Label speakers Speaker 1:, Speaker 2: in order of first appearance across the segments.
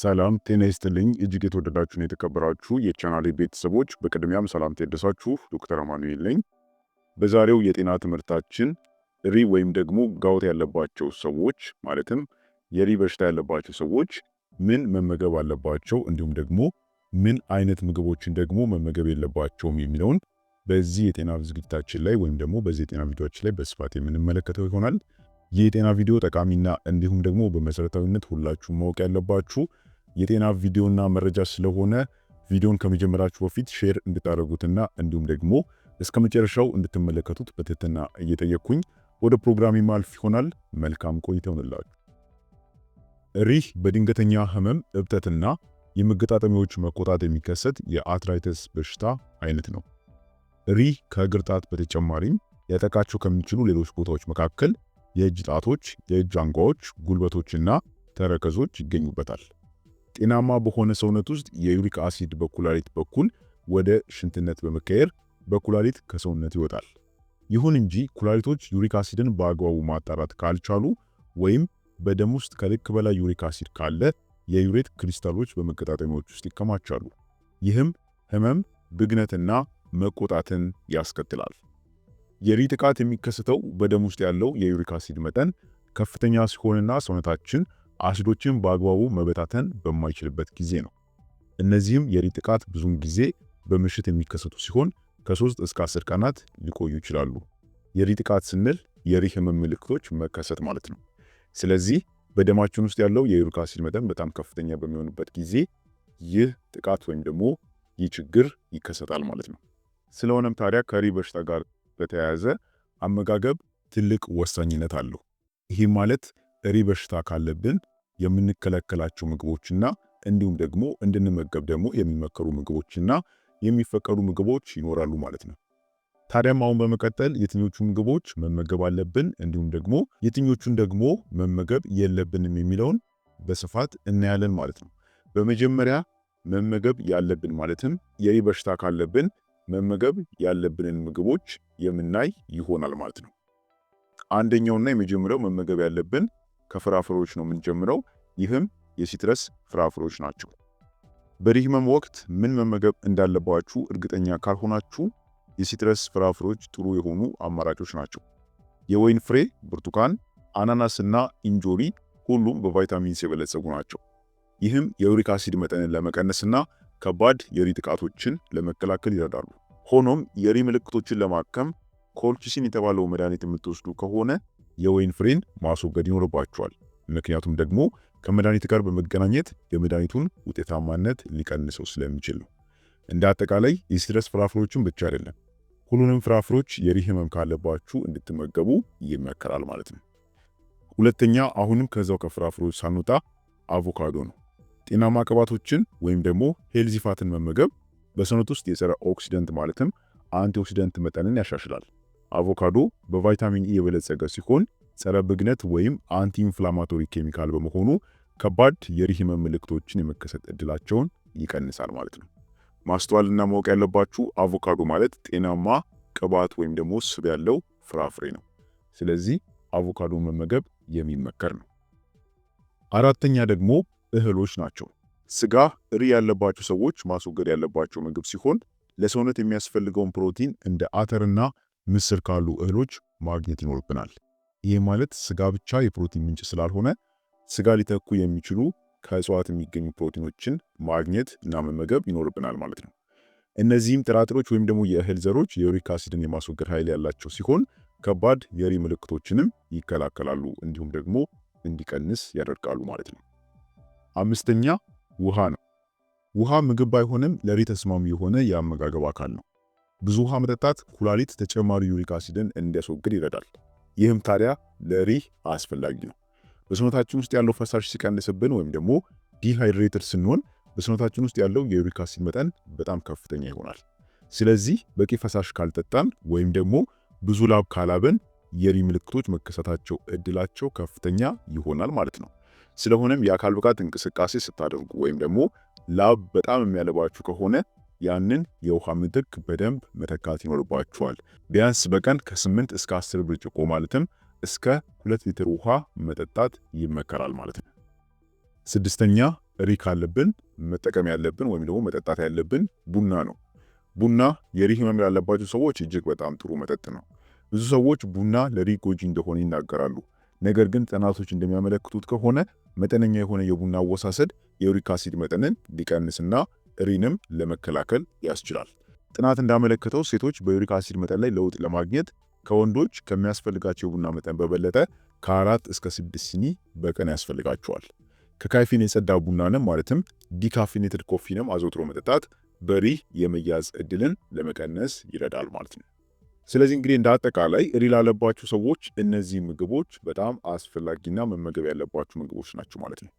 Speaker 1: ሰላም ጤና ይስጥልኝ እጅግ የተወደዳችሁን የተከበራችሁ የቻናሌ ቤተሰቦች፣ በቅድሚያም ሰላም ይድረሳችሁ። ዶክተር አማኑኤል ነኝ። በዛሬው የጤና ትምህርታችን ሪ ወይም ደግሞ ጋውት ያለባቸው ሰዎች ማለትም የሪ በሽታ ያለባቸው ሰዎች ምን መመገብ አለባቸው፣ እንዲሁም ደግሞ ምን አይነት ምግቦችን ደግሞ መመገብ የለባቸውም የሚለውን በዚህ የጤና ዝግጅታችን ላይ ወይም ደግሞ በዚህ የጤና ቪዲዮችን ላይ በስፋት የምንመለከተው ይሆናል። ይህ የጤና ቪዲዮ ጠቃሚና እንዲሁም ደግሞ በመሰረታዊነት ሁላችሁ ማወቅ ያለባችሁ የጤና ቪዲዮና መረጃ ስለሆነ ቪዲዮን ከመጀመራችሁ በፊት ሼር እንድታደርጉትና እንዲሁም ደግሞ እስከ መጨረሻው እንድትመለከቱት በትህትና እየጠየቅኩኝ ወደ ፕሮግራም ማልፍ ይሆናል። መልካም ቆይታ ይሆንላችሁ። ሪህ በድንገተኛ ህመም እብጠትና የመገጣጠሚያዎች መቆጣት የሚከሰት የአትራይተስ በሽታ አይነት ነው። ሪህ ከእግር ጣት በተጨማሪም ሊያጠቃቸው ከሚችሉ ሌሎች ቦታዎች መካከል የእጅ ጣቶች፣ የእጅ አንጓዎች፣ ጉልበቶችና ተረከዞች ይገኙበታል። ጤናማ በሆነ ሰውነት ውስጥ የዩሪክ አሲድ በኩላሊት በኩል ወደ ሽንትነት በመቀየር በኩላሊት ከሰውነት ይወጣል። ይሁን እንጂ ኩላሊቶች ዩሪክ አሲድን በአግባቡ ማጣራት ካልቻሉ ወይም በደም ውስጥ ከልክ በላይ ዩሪክ አሲድ ካለ የዩሬት ክሪስታሎች በመገጣጠሚያዎች ውስጥ ይከማቻሉ። ይህም ህመም፣ ብግነትና መቆጣትን ያስከትላል። የሪህ ጥቃት የሚከሰተው በደም ውስጥ ያለው የዩሪክ አሲድ መጠን ከፍተኛ ሲሆንና ሰውነታችን አሲዶችን በአግባቡ መበታተን በማይችልበት ጊዜ ነው። እነዚህም የሪህ ጥቃት ብዙውን ጊዜ በምሽት የሚከሰቱ ሲሆን ከሶስት እስከ አስር ቀናት ሊቆዩ ይችላሉ። የሪህ ጥቃት ስንል የሪህ ህመም ምልክቶች መከሰት ማለት ነው። ስለዚህ በደማችን ውስጥ ያለው የዩሪክ አሲድ መጠን በጣም ከፍተኛ በሚሆንበት ጊዜ ይህ ጥቃት ወይም ደግሞ ይህ ችግር ይከሰታል ማለት ነው። ስለሆነም ታዲያ ከሪህ በሽታ ጋር በተያያዘ አመጋገብ ትልቅ ወሳኝነት አለው። ይህም ማለት ሪህ በሽታ ካለብን የምንከለከላቸው ምግቦችና እንዲሁም ደግሞ እንድንመገብ ደግሞ የሚመከሩ ምግቦችና የሚፈቀዱ ምግቦች ይኖራሉ ማለት ነው። ታዲያም አሁን በመቀጠል የትኞቹ ምግቦች መመገብ አለብን እንዲሁም ደግሞ የትኞቹን ደግሞ መመገብ የለብንም የሚለውን በስፋት እናያለን ማለት ነው። በመጀመሪያ መመገብ ያለብን ማለትም የሪ በሽታ ካለብን መመገብ ያለብንን ምግቦች የምናይ ይሆናል ማለት ነው። አንደኛውና የመጀመሪያው መመገብ ያለብን ከፍራፍሬዎች ነው የምንጀምረው። ይህም የሲትረስ ፍራፍሬዎች ናቸው። በሪህ ወቅት ምን መመገብ እንዳለባችሁ እርግጠኛ ካልሆናችሁ የሲትረስ ፍራፍሬዎች ጥሩ የሆኑ አማራጮች ናቸው። የወይን ፍሬ፣ ብርቱካን፣ አናናስና እንጆሪ ሁሉም በቫይታሚንስ የበለጸጉ ናቸው። ይህም የዩሪክ አሲድ መጠንን ለመቀነስና ከባድ የሪ ጥቃቶችን ለመከላከል ይረዳሉ። ሆኖም የሪ ምልክቶችን ለማከም ኮልቺሲን የተባለው መድኃኒት የምትወስዱ ከሆነ የወይን ፍሬን ማስወገድ ይኖርባቸዋል። ምክንያቱም ደግሞ ከመድኃኒት ጋር በመገናኘት የመድኃኒቱን ውጤታማነት ሊቀንሰው ስለሚችል ነው። እንደ አጠቃላይ የሲትረስ ፍራፍሬዎችን ብቻ አይደለም፣ ሁሉንም ፍራፍሬዎች የሪህ ህመም ካለባችሁ እንድትመገቡ ይመከራል ማለት ነው። ሁለተኛ አሁንም ከዛው ከፍራፍሬዎች ሳንወጣ አቮካዶ ነው። ጤናማ ቅባቶችን ወይም ደግሞ ሄልዚፋትን መመገብ በሰውነት ውስጥ የጸረ ኦክሲደንት ማለትም አንቲኦክሲደንት መጠንን ያሻሽላል። አቮካዶ በቫይታሚን ኢ e የበለጸገ ሲሆን ጸረ ብግነት ወይም አንቲ ኢንፍላማቶሪ ኬሚካል በመሆኑ ከባድ የሪህ ህመም ምልክቶችን የመከሰት እድላቸውን ይቀንሳል ማለት ነው። ማስተዋልና ማወቅ ያለባችሁ አቮካዶ ማለት ጤናማ ቅባት ወይም ደግሞ ስብ ያለው ፍራፍሬ ነው። ስለዚህ አቮካዶ መመገብ የሚመከር ነው። አራተኛ ደግሞ እህሎች ናቸው። ስጋ እሪ ያለባቸው ሰዎች ማስወገድ ያለባቸው ምግብ ሲሆን ለሰውነት የሚያስፈልገውን ፕሮቲን እንደ አተርና ምስር ካሉ እህሎች ማግኘት ይኖርብናል። ይህ ማለት ስጋ ብቻ የፕሮቲን ምንጭ ስላልሆነ ስጋ ሊተኩ የሚችሉ ከእጽዋት የሚገኙ ፕሮቲኖችን ማግኘት እና መመገብ ይኖርብናል ማለት ነው። እነዚህም ጥራጥሮች ወይም ደግሞ የእህል ዘሮች የዩሪክ አሲድን የማስወገድ ኃይል ያላቸው ሲሆን ከባድ የሪ ምልክቶችንም ይከላከላሉ፣ እንዲሁም ደግሞ እንዲቀንስ ያደርጋሉ ማለት ነው። አምስተኛ ውሃ ነው። ውሃ ምግብ ባይሆንም ለሪ ተስማሚ የሆነ የአመጋገብ አካል ነው። ብዙ ውሃ መጠጣት ኩላሊት ተጨማሪ ዩሪክ አሲድን እንዲያስወግድ ይረዳል። ይህም ታዲያ ለሪህ አስፈላጊ ነው። በሰውነታችን ውስጥ ያለው ፈሳሽ ሲቀንስብን ወይም ደግሞ ዲሃይድሬትድ ስንሆን በሰውነታችን ውስጥ ያለው የዩሪክ አሲድ መጠን በጣም ከፍተኛ ይሆናል። ስለዚህ በቂ ፈሳሽ ካልጠጣን ወይም ደግሞ ብዙ ላብ ካላብን የሪህ ምልክቶች መከሰታቸው እድላቸው ከፍተኛ ይሆናል ማለት ነው። ስለሆነም የአካል ብቃት እንቅስቃሴ ስታደርጉ ወይም ደግሞ ላብ በጣም የሚያለባችሁ ከሆነ ያንን የውሃ ምትክ በደንብ መተካት ይኖርባችኋል። ቢያንስ በቀን ከ8 እስከ 10 ብርጭቆ ማለትም እስከ 2 ሊትር ውሃ መጠጣት ይመከራል ማለት ነው። ስድስተኛ እሪ ካለብን መጠቀም ያለብን ወይም ደግሞ መጠጣት ያለብን ቡና ነው። ቡና የሪህ ህመም ላለባቸው ሰዎች እጅግ በጣም ጥሩ መጠጥ ነው። ብዙ ሰዎች ቡና ለሪ ጎጂ እንደሆነ ይናገራሉ። ነገር ግን ጥናቶች እንደሚያመለክቱት ከሆነ መጠነኛ የሆነ የቡና አወሳሰድ የዩሪክ አሲድ መጠንን ሊቀንስና ሪንም ለመከላከል ያስችላል። ጥናት እንዳመለከተው ሴቶች በዩሪክ አሲድ መጠን ላይ ለውጥ ለማግኘት ከወንዶች ከሚያስፈልጋቸው ቡና መጠን በበለጠ ከአራት እስከ ስድስት ሲኒ በቀን ያስፈልጋቸዋል። ከካይፊን የጸዳ ቡናንም ማለትም ዲካፊኔትድ ኮፊንም አዘውትሮ መጠጣት በሪህ የመያዝ እድልን ለመቀነስ ይረዳል ማለት ነው። ስለዚህ እንግዲህ እንደ አጠቃላይ ሪ ላለባችሁ ሰዎች እነዚህ ምግቦች በጣም አስፈላጊና መመገብ ያለባችሁ ምግቦች ናቸው ማለት ነው።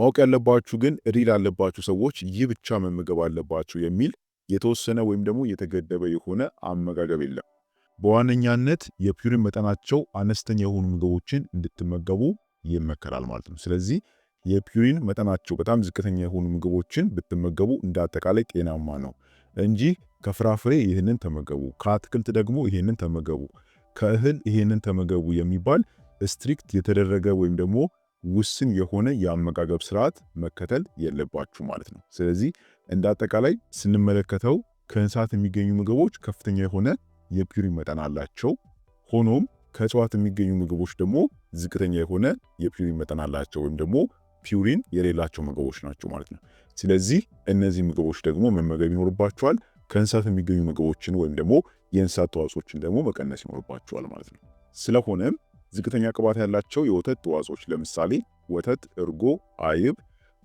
Speaker 1: ማወቅ ያለባችሁ ግን ሪል ያለባችሁ ሰዎች ይህ ብቻ መመገብ አለባችሁ የሚል የተወሰነ ወይም ደግሞ የተገደበ የሆነ አመጋገብ የለም። በዋነኛነት የፒሪን መጠናቸው አነስተኛ የሆኑ ምግቦችን እንድትመገቡ ይመከራል ማለት ነው። ስለዚህ የፒሪን መጠናቸው በጣም ዝቅተኛ የሆኑ ምግቦችን ብትመገቡ እንደ አጠቃላይ ጤናማ ነው እንጂ ከፍራፍሬ ይህንን ተመገቡ፣ ከአትክልት ደግሞ ይህንን ተመገቡ፣ ከእህል ይህንን ተመገቡ የሚባል ስትሪክት የተደረገ ወይም ደግሞ ውስን የሆነ የአመጋገብ ስርዓት መከተል የለባችሁ ማለት ነው። ስለዚህ እንደ አጠቃላይ ስንመለከተው ከእንስሳት የሚገኙ ምግቦች ከፍተኛ የሆነ የፒሪ መጠን አላቸው። ሆኖም ከእጽዋት የሚገኙ ምግቦች ደግሞ ዝቅተኛ የሆነ የፒሪ መጠን አላቸው ወይም ደግሞ ፒውሪን የሌላቸው ምግቦች ናቸው ማለት ነው። ስለዚህ እነዚህ ምግቦች ደግሞ መመገብ ይኖርባቸዋል። ከእንስሳት የሚገኙ ምግቦችን ወይም ደግሞ የእንስሳት ተዋጽኦችን ደግሞ መቀነስ ይኖርባቸዋል ማለት ነው። ስለሆነም ዝቅተኛ ቅባት ያላቸው የወተት ተዋጽኦች ለምሳሌ ወተት፣ እርጎ፣ አይብ፣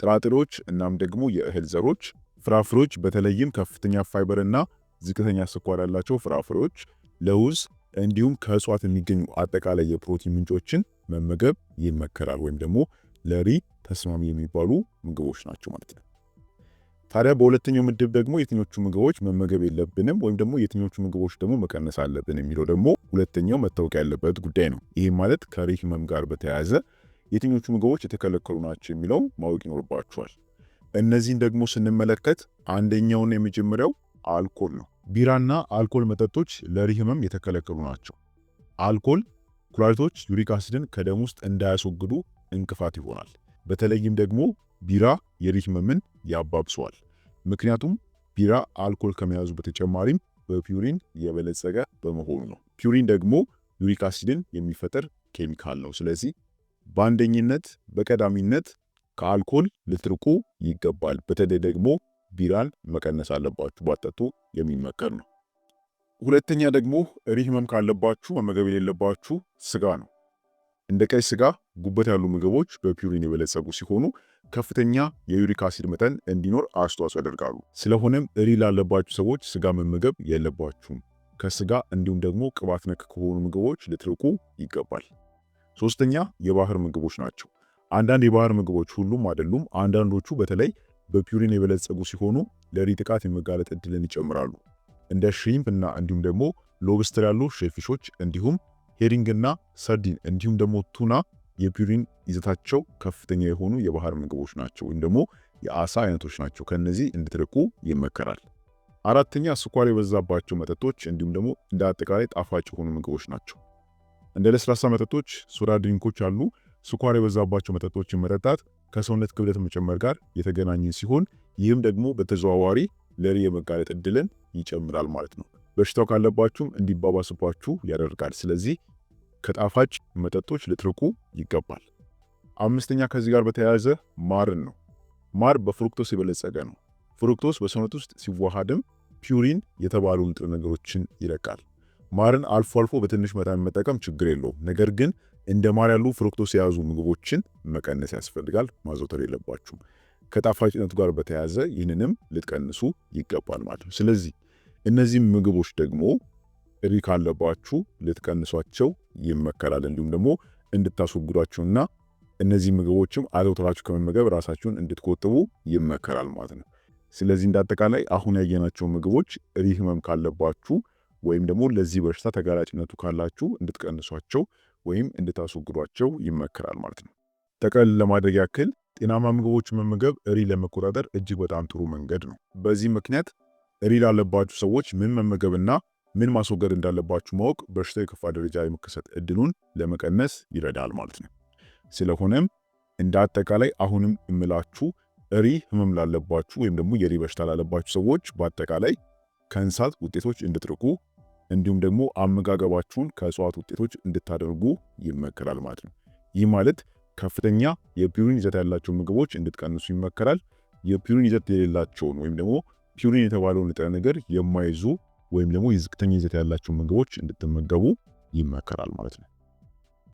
Speaker 1: ጥራጥሬዎች እናም ደግሞ የእህል ዘሮች፣ ፍራፍሬዎች በተለይም ከፍተኛ ፋይበር እና ዝቅተኛ ስኳር ያላቸው ፍራፍሬዎች፣ ለውዝ እንዲሁም ከእጽዋት የሚገኙ አጠቃላይ የፕሮቲን ምንጮችን መመገብ ይመከራል ወይም ደግሞ ለሪ ተስማሚ የሚባሉ ምግቦች ናቸው ማለት ነው። ታዲያ በሁለተኛው ምድብ ደግሞ የትኞቹ ምግቦች መመገብ የለብንም ወይም ደግሞ የትኞቹ ምግቦች ደግሞ መቀነስ አለብን የሚለው ደግሞ ሁለተኛው መታወቅ ያለበት ጉዳይ ነው። ይህ ማለት ከሪህ ህመም ጋር በተያያዘ የትኞቹ ምግቦች የተከለከሉ ናቸው የሚለው ማወቅ ይኖርባቸዋል። እነዚህን ደግሞ ስንመለከት አንደኛውን የመጀመሪያው አልኮል ነው። ቢራና አልኮል መጠጦች ለሪህ ህመም የተከለከሉ ናቸው። አልኮል ኩላሊቶች ዩሪክ አሲድን ከደም ውስጥ እንዳያስወግዱ እንቅፋት ይሆናል። በተለይም ደግሞ ቢራ የሪ ህመምን ያባብሰዋል። ምክንያቱም ቢራ አልኮል ከመያዙ በተጨማሪም በፒውሪን የበለጸገ በመሆኑ ነው። ፒውሪን ደግሞ ዩሪክ አሲድን የሚፈጥር ኬሚካል ነው። ስለዚህ በአንደኝነት በቀዳሚነት ከአልኮል ልትርቁ ይገባል። በተለይ ደግሞ ቢራን መቀነስ አለባችሁ፣ ባጠጡ የሚመከር ነው። ሁለተኛ ደግሞ ሪህ ህመም ካለባችሁ መመገብ የሌለባችሁ ስጋ ነው። እንደ ቀይ ስጋ፣ ጉበት ያሉ ምግቦች በፒውሪን የበለጸጉ ሲሆኑ ከፍተኛ የዩሪክ አሲድ መጠን እንዲኖር አስተዋጽኦ ያደርጋሉ። ስለሆነም እሪ ላለባችሁ ሰዎች ስጋ መመገብ የለባችሁም። ከስጋ እንዲሁም ደግሞ ቅባት ነክ ከሆኑ ምግቦች ልትርቁ ይገባል። ሶስተኛ የባህር ምግቦች ናቸው። አንዳንድ የባህር ምግቦች ሁሉም አይደሉም፣ አንዳንዶቹ በተለይ በፒሪን የበለጸጉ ሲሆኑ ለሪ ጥቃት የመጋለጥ እድልን ይጨምራሉ። እንደ ሽሪምፕ እና እንዲሁም ደግሞ ሎብስተር ያሉ ሼፊሾች እንዲሁም ሄሪንግ እና ሰርዲን እንዲሁም ደግሞ ቱና የፒሪን ይዘታቸው ከፍተኛ የሆኑ የባህር ምግቦች ናቸው ወይም ደግሞ የአሳ አይነቶች ናቸው። ከነዚህ እንድትርቁ ይመከራል። አራተኛ ስኳር የበዛባቸው መጠጦች እንዲሁም ደግሞ እንደ አጠቃላይ ጣፋጭ የሆኑ ምግቦች ናቸው። እንደ ለስላሳ መጠጦች፣ ሶዳ ድሪንኮች አሉ። ስኳር የበዛባቸው መጠጦችን መጠጣት ከሰውነት ክብደት መጨመር ጋር የተገናኘ ሲሆን ይህም ደግሞ በተዘዋዋሪ ለሪ የመጋለጥ እድልን ይጨምራል ማለት ነው። በሽታው ካለባችሁም እንዲባባስባችሁ ያደርጋል። ስለዚህ ከጣፋጭ መጠጦች ልትርቁ ይገባል። አምስተኛ ከዚህ ጋር በተያያዘ ማርን ነው። ማር በፍሩክቶስ የበለጸገ ነው። ፍሩክቶስ በሰውነት ውስጥ ሲዋሃድም ፒውሪን የተባሉ ንጥረ ነገሮችን ይለቃል። ማርን አልፎ አልፎ በትንሽ መጠን መጠቀም ችግር የለውም። ነገር ግን እንደ ማር ያሉ ፍሩክቶስ የያዙ ምግቦችን መቀነስ ያስፈልጋል። ማዘውተር የለባችሁም። ከጣፋጭነቱ ጋር በተያያዘ ይህንንም ልትቀንሱ ይገባል ማለት ነው። ስለዚህ እነዚህ ምግቦች ደግሞ እሪ ካለባችሁ ልትቀንሷቸው ይመከራል። እንዲሁም ደግሞ እንድታስወግዷቸውና እነዚህ ምግቦችም አዘውትራችሁ ከመመገብ ራሳችሁን እንድትቆጥቡ ይመከራል ማለት ነው። ስለዚህ እንዳጠቃላይ አሁን ያየናቸው ምግቦች ህመም ካለባችሁ ወይም ደግሞ ለዚህ በሽታ ተጋላጭነቱ ካላችሁ እንድትቀንሷቸው ወይም እንድታስወግዷቸው ይመከራል ማለት ነው። ጠቅለል ለማድረግ ያክል ጤናማ ምግቦች መመገብ እሪ ለመቆጣጠር እጅግ በጣም ጥሩ መንገድ ነው። በዚህ ምክንያት እሪ ላለባችሁ ሰዎች ምን መመገብና ምን ማስወገድ እንዳለባችሁ ማወቅ በሽታው የከፋ ደረጃ የመከሰት እድሉን ለመቀነስ ይረዳል ማለት ነው። ስለሆነም እንደ አጠቃላይ አሁንም እምላችሁ እሪ ህመም ላለባችሁ ወይም ደግሞ የሪ በሽታ ላለባችሁ ሰዎች በአጠቃላይ ከእንስሳት ውጤቶች እንድትርቁ እንዲሁም ደግሞ አመጋገባችሁን ከእጽዋት ውጤቶች እንድታደርጉ ይመከራል ማለት ነው። ይህ ማለት ከፍተኛ የፒሪን ይዘት ያላቸው ምግቦች እንድትቀንሱ ይመከራል። የፒሪን ይዘት የሌላቸውን ወይም ደግሞ ፒሪን የተባለውን ንጥረ ነገር የማይዙ ወይም ደግሞ የዝቅተኛ ይዘት ያላቸው ምግቦች እንድትመገቡ ይመከራል ማለት ነው።